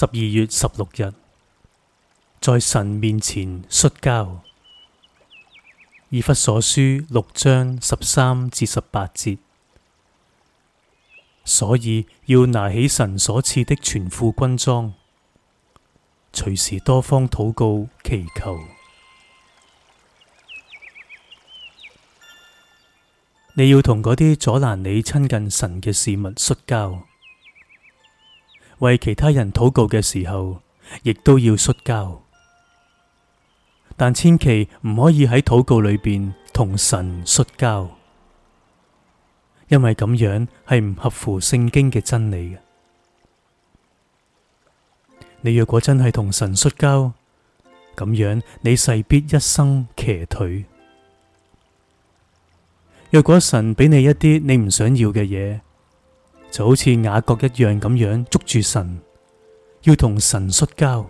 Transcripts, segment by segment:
十二月十六日，在神面前摔跤，以弗所書六章十三至十八節，所以要拿起神所賜的全副軍裝，隨時多方禱告祈求。你要同嗰啲阻攔你親近神嘅事物摔跤。為其他人禱告嘅時候，亦都要摔跤，但千祈唔可以喺禱告裏邊同神摔跤，因為咁樣係唔合乎聖經嘅真理嘅。你若果真係同神摔跤，咁樣你勢必一生瘸腿。若果神俾你一啲你唔想要嘅嘢，就好似雅各一樣咁樣捉住神，要同神摔跤，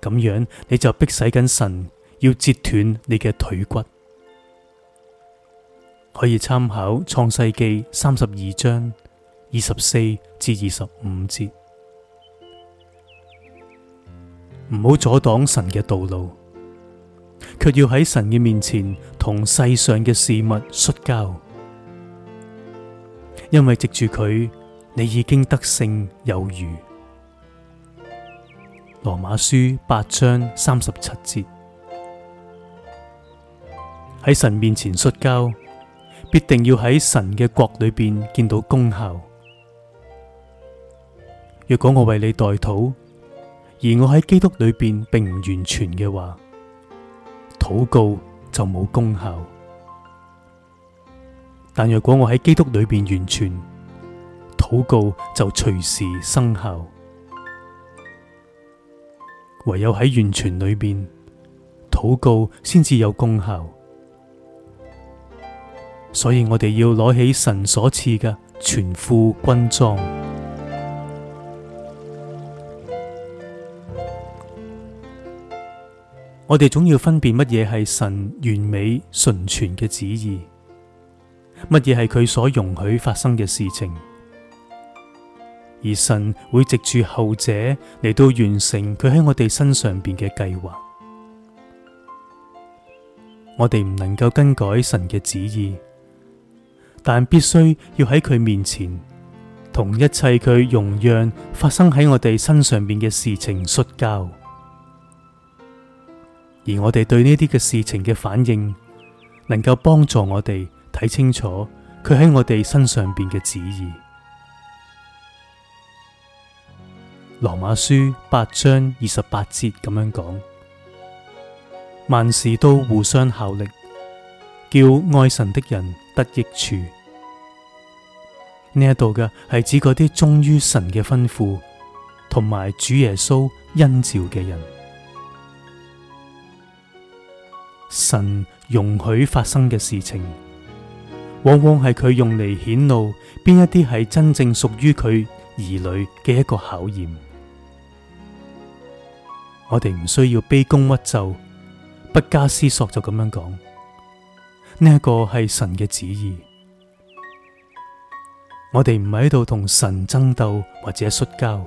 咁樣你就逼使緊神要折斷你嘅腿骨，可以參考創世記三十二章二十四至二十五節。唔好阻擋神嘅道路，卻要喺神嘅面前同世上嘅事物摔跤。因為藉住佢，你已經得勝有餘。羅馬書八章三十七節：喺神面前摔跤，必定要喺神嘅國裏邊見到功效。若果我為你代禱，而我喺基督裏邊並唔完全嘅話，禱告就冇功效。但若果我喺基督裏邊完全，禱告就隨時生效。唯有喺完全裏邊禱告，先至有功效。所以我哋要攞起神所賜嘅全副軍裝。我哋總要分辨乜嘢係神完美純全嘅旨意。乜嘢係佢所容許發生嘅事情？而神會藉住後者嚟到完成佢喺我哋身上邊嘅計劃。我哋唔能夠更改神嘅旨意，但必須要喺佢面前，同一切佢容讓發生喺我哋身上邊嘅事情摔跤。而我哋對呢啲嘅事情嘅反應，能夠幫助我哋。睇清楚佢喺我哋身上邊嘅旨意。羅馬書八章二十八節咁樣講，萬事都互相效力，叫愛神的人得益處。呢一度嘅係指嗰啲忠於神嘅吩咐，同埋主耶穌恩召嘅人。神容許發生嘅事情。往往係佢用嚟顯露邊一啲係真正屬於佢兒女嘅一個考驗。我哋唔需要卑躬屈就，不加思索就咁樣講。呢一個係神嘅旨意。我哋唔係喺度同神爭鬥或者摔跤，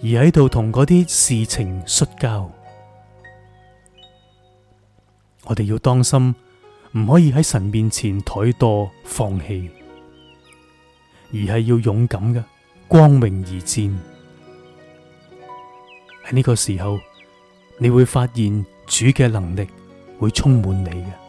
而喺度同嗰啲事情摔跤。我哋要當心。唔可以喺神面前怠惰放棄，而係要勇敢嘅，光榮而戰。喺呢個時候，你會發現主嘅能力會充滿你嘅。